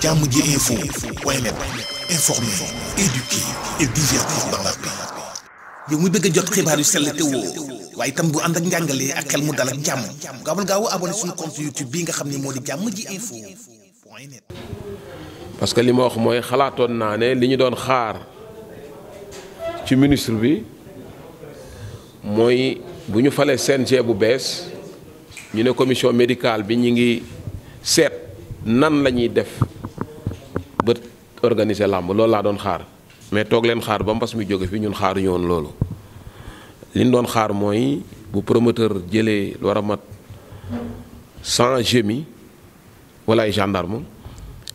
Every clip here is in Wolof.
jàmm ji info waaye nag informer, éduquer et divertir dans la paix. yow mi bëgg a jot xibaar yu sell te woo waaye itam bu ànd ak njàngalee ak xel mu dal ak jàmm gaawal gaaw abonné suñu compte YouTube bii nga xam ne moo di jàmm ji info. parce que li ma wax mooy xalaatoon naa ne liñu doon xaar ci ministre bi mooy bu ñu falee CNG bu bees ñu ne commission médicale bi ñu ngi seet nan lañuy def. ba organiser làmb loolu laa doon xaar mais toog leen xaar ba mbas mi jóge fi ñun xaaruñu woon loolu li doon xaar mooy bu promoteur jëlee war a mat sans gémi wala ay gendarme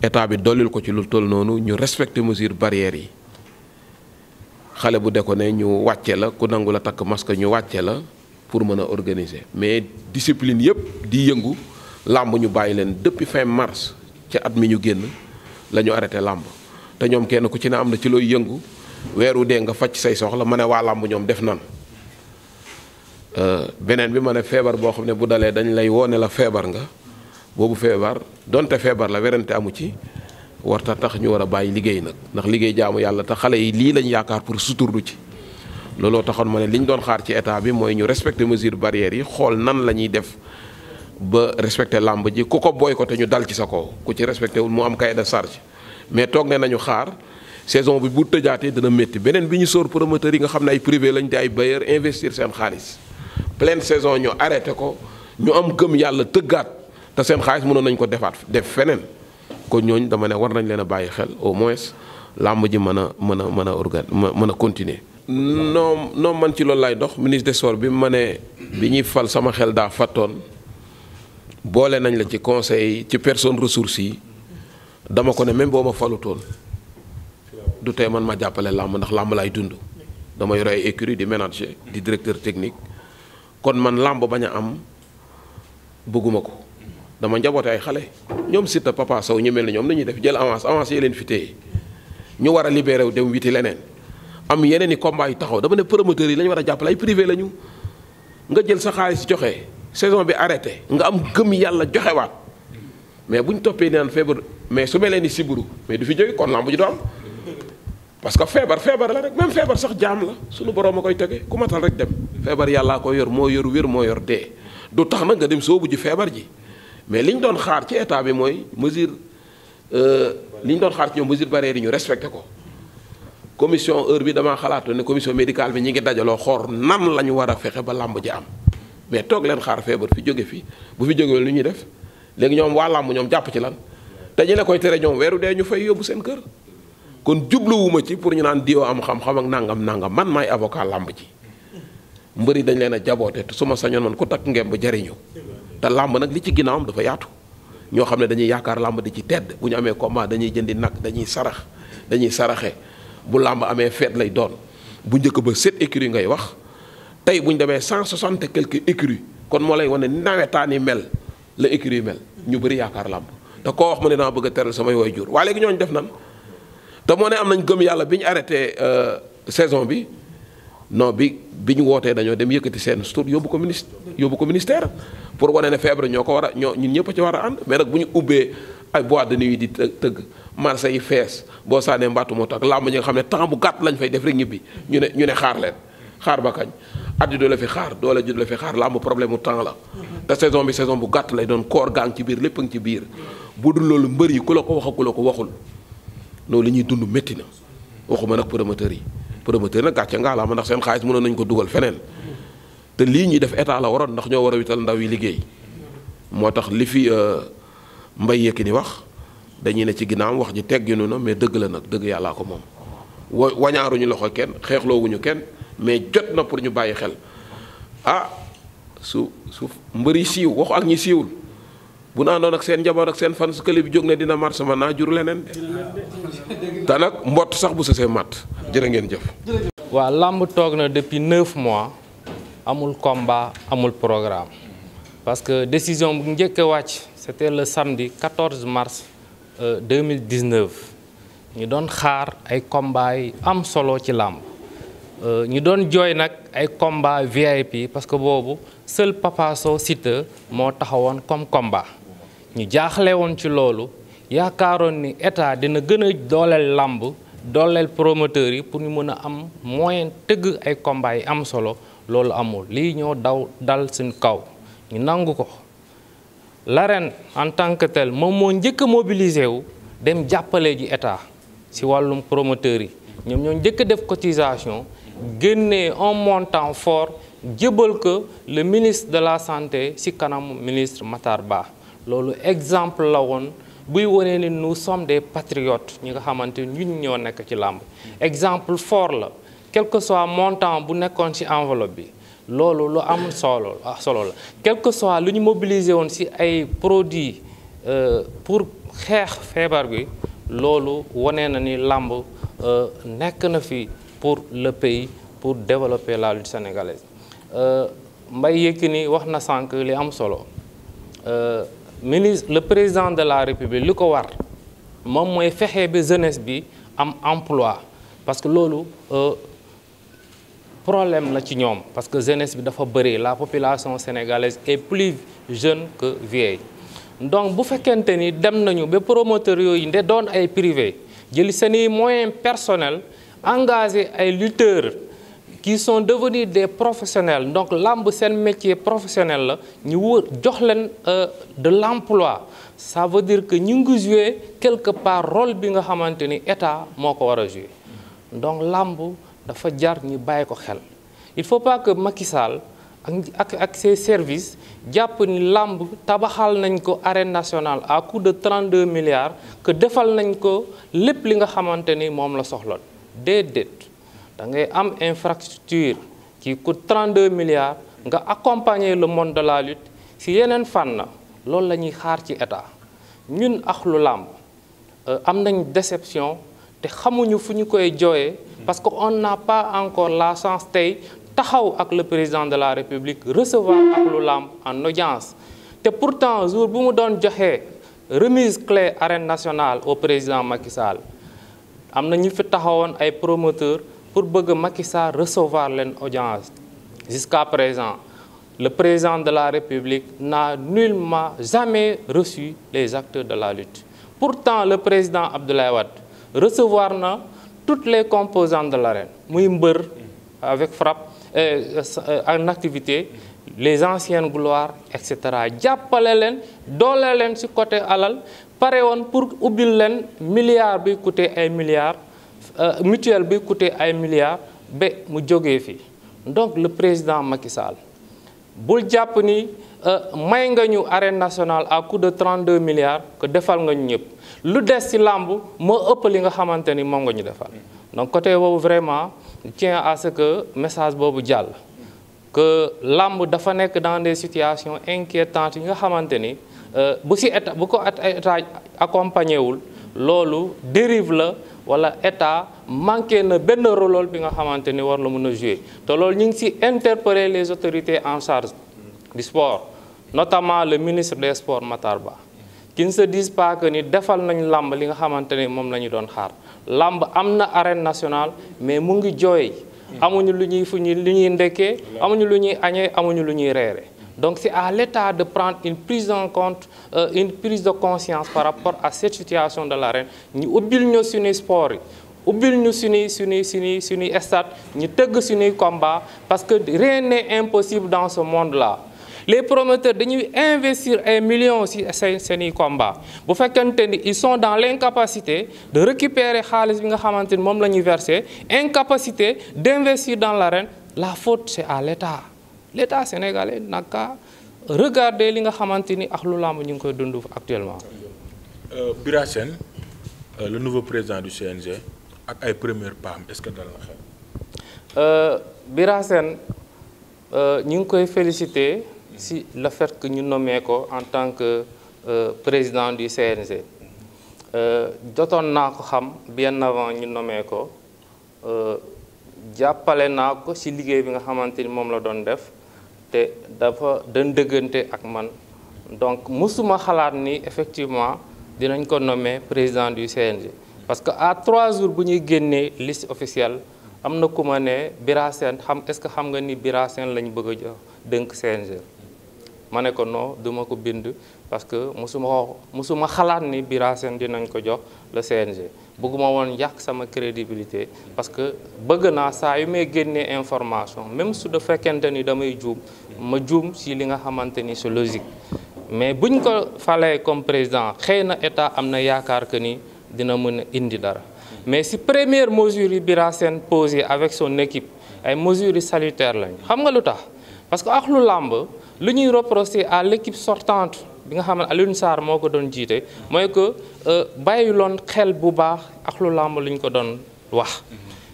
état bi dollil ko ci lu toll noonu ñu respecté mesure barrières yi xale bu ne ñu wàcce la ku nangu la takk masque ñu wàcce la pour mën a organiser mais discipline yëpp di yëngu làmb ñu bàyyi leen depuis fin mars ca at mi ñu génn lañu ñu arrêté làmb te ñoom kenn ku ci ne am na ci looy yëngu weeru dee nga faj say soxla ma ne waa làmb ñoom def nan euh, beneen bi ma ne feebar boo xam ne bu dalee dañ lay woone la feebar nga boobu feebar donte feebar la werante amu ci warta tax ñu war a bàyyi liggéey nag ndax liggéey jaamu yàlla te xale yi lii lañ yaakaar pour suturlu ci looloo taxoon ma ne li ñu doon xaar ci état bi mooy ñu respecter mesure barrière yi xool nan la ñuy def ba respecter làmb ji ku ko boycotté ñu dal ci sa kaw ku ci respecté wul mu am cahier de charge mais toog ne nañu xaar saison bi bu tëjaatee dina métti beneen bi ñu sóor promoteurs yi nga xam ne ay privé lañ te ay bailleurs investir seen xaalis pleine saison ñu arrêté ko ñu am gëm yàlla tëggaat te seen xaalis mënoon nañ ko defaat def feneen ko ñooñu dama ne war nañ leen a bàyyi xel au moins làmb ji mën a mën a mën a organ mën a continuer. non non man ci loolu laay dox ministre des sports bi ma ne bi ñuy fal sama xel daa fattoon boole nañ la ci conseil ci personne ressource yi. dama ko ne même boo ma falutoon du tey man ma jàppale làmb ndax làmb laay dund dama yore ay écurie di manager di directeur technique kon man làmb bañ a am bëgguma ko dama njaboote ay xale ñoom Siteu Papa Sow ñu mel ni ñoom nañuy def jël avance avance yi leen fi téye ñu war a libéré wu dem witi leneen am yeneen yi combat yu taxaw dama ne promoteurs yi la war a jàppale ay privé la ñu nga jël sa xaalis joxe saison bi arrêté nga am gëm yàlla joxewaat mais bu ñu toppee naan feebar mais su melee ni siburu mais du fi jóge kon lamb ji du am parce que feebar feebar la rek même feebar sax jaam la suñu borom a koy tege ku matal rek dem feebar yàllaa koy yor moo yor wér moo yor dee du tax nag nga dem soobu ji feebar ji mais li ñu doon xaar ci état bi mooy mesure euh, li ñu doon xaar ci ñoom mesure barrière ñu respecté ko commission heure bi damaa xalaatoon ne commission médical bi ñu ngi dajaloo xoor nan lañu war a fexe ba làmb ji am mais toog leen xaar feebar fi jóge fi bu fi jógewee lu ñuy def léegi ñoom waa làmb ñoom jàpp ci lan te ñu la koy tere ñoom weeru dee ñu fay yóbbu seen kër kon jubluwuma ci pour ñu naan diwo am xam-xam ak nangam nangam man maay avocat làmb mbër yi dañ leen a jaboote te su ma sañoon man ku takk ngemb jariñu te làmb nag li ci ginnaawam dafa yaatu ñoo xam ne dañuy yaakaar làmb di ci tedd bu ñu amee combat dañuy jëndi nag dañuy sarax dañuy saraxe bu làmb amee feet lay doon bu njëkk ba sept écuries ngay wax tey bu ñu demee cent soixante quelques écuries kon moo lay wane nawetaan yi mel la écurie mel ñu bëri yaakaar làmb te koo wax mu ne naa bëgg a teral samay way jur waaye léegi ñooñu def nan te moo ne am nañ gëm yàlla bi ñu arrêté euh, saison bi no bi bi ñu wootee dañoo dem yëkkati seen stour yóbbu ko ministre yóbbu ko ministère pour wane ne feebar ñoo ko war a ñoo ñun ñëpp ci war a ànd mais nag bu ñu ubbee ay boîte de nuit di tëgg marché yi fees boo saanee mbattu moo tax làmb ñi nga xam ne temps bu gàtt lañ fay def rek ñibbi ñu ne ñu ne xaar leen xaar ba at ju la fi xaar doole ju du la fi xaar làmb problème mu temps la te saison bi saison bu gàtt lay doon koor gaa ngi ci biir lépp a ngi ci biir bu dul loolu mbër yi ku la ko wax ak ku la ko waxul loolu li ñuy dund métti na waxuma nag promoteurs yi promoteurs yi nag gàcce ngaa la ma ndax seen xaalis mënoon nañu ko dugal feneen te lii ñuy def état la waroon ndax ñoo war a wital ndaw yi liggéey moo tax li fi euh, mbay yëkki ni wax dañuy ne ci ginnaaw wax ji tegginu na mais dëgg la nag dëgg yàllaa ko moom wa wañaaruñu loxo kenn xeexloowuñu kenn mais jot na pour ñu bàyyi xel ah su su mbër yi siiw waxu ak ñi siiwul bu na àndoon ak seen njaboot ak seen fan su kële bi jóg ne dina màtt sama naa jur leneen de mbott sax bu sësee màtt jërë ngeen jëf. waaw làmb toog na depuis neuf mois amul combat amul programme parce que décision bu njëkk a wàcc c'était le samedi 14 mars 2019 euh, ñu doon xaar ay combat yi am solo ci làmb. Euh, ñu doon jooy nag ay combat VIP parce que boobu seul Papa Sow moo taxawoon comme combat ñu jaaxle woon ci loolu yaakaaroon ni état dina gën a dooleel làmb dooleel promoteurs yi pour ñu mën a am moyen tëgg ay combat yi am solo loolu amul lii ñoo daw dal suñu kaw ñu nangu ko l'arène en tant que tel moom moo njëkk a mobiliser wu dem jàppale ji état ci wàllum promoteurs yi ñoom ñoo njëkk a def cotisation génnee un montant fort jëbal ko le ministre de la santé ci kanamu ministre Matar Ba loolu exemple la woon buy wane ni nu sommes des patriotes ñi nga xamante ñu ñoo nekk ci làmb exemple fort la quelque que soit montant bu nekkoon ci enveloppe bi loolu lu am solo ah, solo la quel que soit lu ñu mobiliser woon ci ay produits euh, pour xeex feebar bi loolu wane na ni làmb euh, nekk na fi. pour le pays pour développer la lutte sénégalaise euh, Mbaye ni wax na sànq li am solo euh, ministre le président de la république li ko war moom mooy fexe ba jeunesse bi am emploi parce que loolu euh, problème na ci ñoom parce que jeunesse bi dafa bëri la population sénégalaise est plus jeunes que vieille donc bu fekkente ni dem nañu ba promoteur yooyu nde doon ay privé jëli seeni moyen personnel engagé ay lutteurs qui sont devenus des professionnels donc làmb seen métier professionnel la ñu wër jox leen euh, de l'emploi ça veut dire que ñu ngi jouer quelque part rôle bi nga xamante ni état moo ko war a jouer donc làmb dafa jar ñi bàyyi ko xel il faut pas que Macky ak ak ses services jàpp ni làmb tabaxal nañ ko arène nationale à coût de 32 milliards que defal nañ ko lépp li nga xamante ni moom la soxloon déedéet da ngay am infrastructure qui coûte 32 milliards nga accompagner le monde de la lutte si yeneen fànn loolu la ñuy xaar ci état ñun axlu làmb euh, am nañ déception te xamuñu fu ñu koy jooyee parce que on n'a pas encore la chance tey taxaw ak le président de la république recevoir axlu làmb en audience te pourtant jour bu mu doon joxee remise clé arène national au président Macky am na ñu fi taxawoon ay promoteurs pour bëgg Macky Sall recevoir leen audience jusqu'à présent le président de la République n'a nullement jamais reçu les acteurs de la lutte pourtant le président Abdoulaye Wade recevoir na toutes les composantes de l'arène muy mbër avec frappe euh, en activité les anciennes gloires et cetera jàppale leen doole leen ci côté alal pare woon pour ubbil leen milliard bi coûté ay milliards euh, mutuelle bi coûté ay milliards ba mu jógee fi donc le président Macky Sall bul jàpp ni euh, may nga ñu arène national à coût de 32 milliards que defal nga ñu ñëpp lu des ci làmb moo ëpp li nga xamante ni moom nga ñu defal donc côté boobu vraiment tient à ce que message boobu jàll que làmb dafa nekk dans des situation inquiétantes yi nga xamante Euh, bu si état bu ko état accompagné wul loolu dérive la wala état manqué na benn rôle bi nga xamante ni war la mën a te loolu ñu ngi si interpeller les autorités en charge du sport notamment le ministre des sport Matar Ba qui ne se ni defal nañu làmb li nga xamante ni moom la ñu doon xaar làmb am na arène nationale mais mu ngi jooy amuñu lu ñuy fu ñu lu ñuy ndekkee amuñu lu ñuy añee amuñu lu ñuy reere Donc c'est à l'État de prendre une prise en compte, euh, une prise de conscience par rapport à cette situation de l'arène. Nous obligons sur les sports. ubbil ñu suñuy suñuy suñuy suñuy stade ñu tëgg suñuy combat parce que rien n'est impossible dans ce monde la les promoteurs dañuy investir ay millions ci seen seeni combat bu fekkente ni ils sont dans l'incapacité de récupérer xaalis bi nga xamante ni moom la ñuy verser incapacité d'investir dans l'arène la faute c'est à l'État l'État sénégalais nag ka regarder li nga xamante ni ak lu làmb ñu ngi koy dund actuellement. Euh, Bira Sène euh, le nouveau président du CNG ak ay première PAM est que dal na xel. Euh, Bira ñu ngi koy féliciter si le fait que ñu nommé ko en tant que président du CNG jotoon naa ko xam bien avant ñu nommé ko jàppale naa ko si liggéey bi nga xamante ni moom la doon def. te dafa dën dëggante ak man donc mësuma xalaat ni effectivement dinañ ko nommer président du CNG parce que à trois jours bu ñuy génnee liste officielle am na ku ma ne Bira xam est-ce que xam nga ni Bira Sène lañ bëgg jox dënk CNG ma ne ko non duma ko bind parce que musuma ko xalaat ni Bira Sène dinañ ko jox le CNG bëgguma woon yàq sama crédibilité parce que bëgg naa saa yu may génnee information même su da fekkente ni damay juum ma juum si li nga xamante ni c'est logique mais buñ ko falee comme président xëy na état am na yaakaar que ni dina mën a indi dara mais si première mesure yi Bira seen posé avec son équipe ay mesures yi salutaires lañ xam nga lu tax parce que ak làmb lu ñuy reproché à l'équipe sortante bi nga xam ne Alioune Sarr moo ko doon jiite mooy que euh, bàyyiloon xel bu baax ak lu làmb lu ko doon wax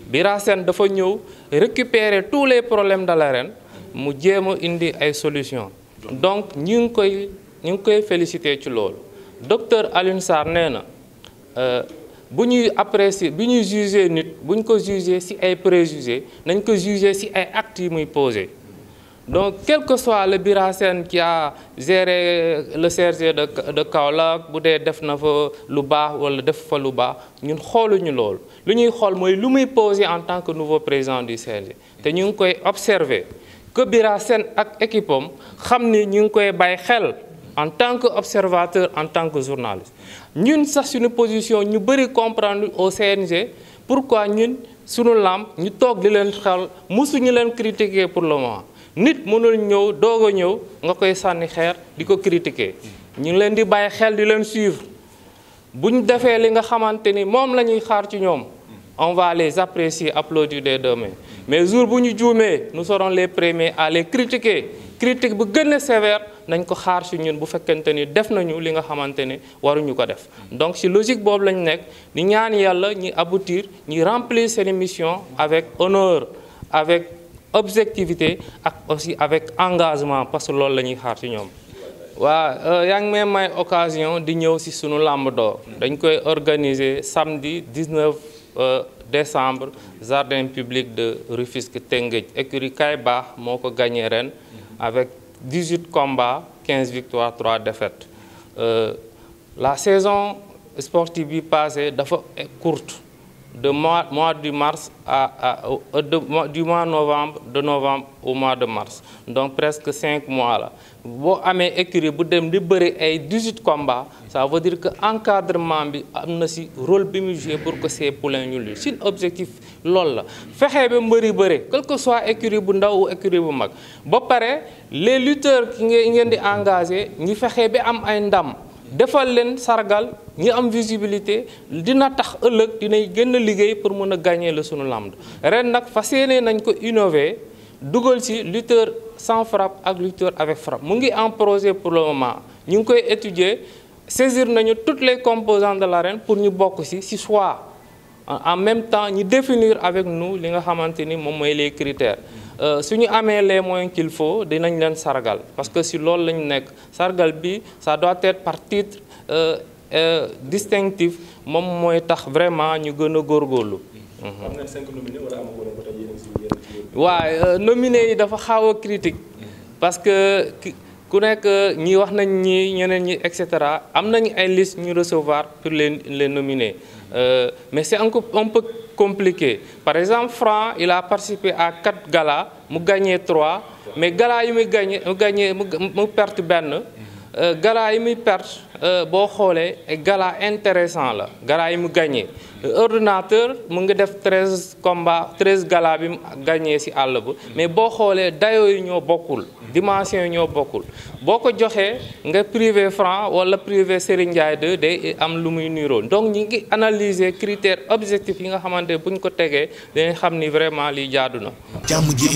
Bira Sène dafa ñëw récupérer tous les problèmes de ren mu jéem a indi ay solution donc ñu ngi koy ñu ngi koy félicité ci loolu docteur Alioune Sarr nee na euh, bu ñuy apprécier bu ñuy juger nit bu ñu ko juger ci ay préjugés nañ ko juger ci ay actes yi muy posé donc quel que soit le Birasène qui a géré le CRG de de Kaolack bu dee def na fa lu baax wala def fa lu baax ñun xooluñu loolu lu ñuy xool mooy lu muy posé en tant que nouveau président du CRG te ñu ngi koy observer que Bira ak équipe xam ni ñu ngi koy bàyyi xel en tant que observateur en tant que journaliste ñun sax suñu position ñu bëri comprendre au CNG pourquoi ñun suñu làmb ñu toog di leen xel mosuñu leen critiquer pour le moment nit mënul ñëw doog a ñëw nga koy sànni xeer di ko critiquer ñu ngi leen di bàyyi xel di leen suivre bu defee li nga xamante ni moom la ñuy xaar ci ñoom on va les apprécier, applaudir des deux mains. Mais jour où nous jouons, nous serons les premiers à les critiquer. Critique bu gën a sévère nañ ko xaar si ñun bu fekkente ni def nañu li nga xamante ne waruñu ko def donc si logique boobu lañ nekk di ñaan yàlla ñi aboutir ñi remplir seen mission avec honneur avec objectivité ak aussi avec engagement parce que loolu la ñuy xaar si ñoom. waa euh, yaa ngi may may occasion di ñëw si sunu làmb d'or dañ koy organiser samedi décembre jardin publique de Rufisque Tengej écurie Kay Baax moo ko gagné ren avec 18 combats 15 victoires 3 défaites euh, la saison sportive bi passée dafa courte de mois, mois du mars a à euh, de, du mois novembre de novembre au mois de mars donc presque cinq mois la boo amee écurie bu dem di bëri ay 18 combats ça veut dire que encadrement bi am na si rôle bi mu joué pour que ces poulains ñu luy seen objectif loolu la fexe ba mbëri bëri quel que soit écurie bu ndaw ou écurie bu mag ba pare les lutteurs ki ngeen di engagé ñu fexe bi am ay ndam defal leen sargal ñi am visibilité dina tax ëllëg dinay génn liggéey pour mën a gagner la sunu làmb ren nag fas yéene nañ ko innover dugal ci lutteur sans frappe ak lutteur avec frappe mu ngi en projet pour le ñu ngi koy étudier saisir nañu toutes les composantes de la ren pour ñu bokk ci ci choix en même temps ñi définir avec nous li nga xamante ni moom mooy les critères Euh, su ñu amee les moyen qu'il faut dinañ leen sargal parce que si loolu la ñu nekk sargal bi ça doit être par titre euh, euh, distinctif moom mooy tax vraiment ñu gën a góorgóorlu. Mhm. am na cinq yi dafa xaw a critique mhm. parce que ku nekk ñi wax nañ ñi ñeneen ñi et cetera am nañu ay liste ñu recevoir pour leen les nominer mais c'est encore un compliqué par exemple Franc il a participé à quatre gala mu gagné trois mais gala yi muy gagné mu gagné mu perte benn euh, gala yi muy perte euh, boo xoolee gala intéressant la galas yi mu gagné ordinateur mu ngi def treize combats treize gala bi mu gagné ci àll ba mais boo xoolee dayoo yi ñoo bokkul dimension yi ñoo bokkul boo ko joxee nga privé franc wala privé Serigne Ndiaye 2 day am lu muy niroo donc ñi ngi analyser critère objectif yi nga xamante buñ ko tegee dañuy xam ni vraiment li jaadu na. jàmm ji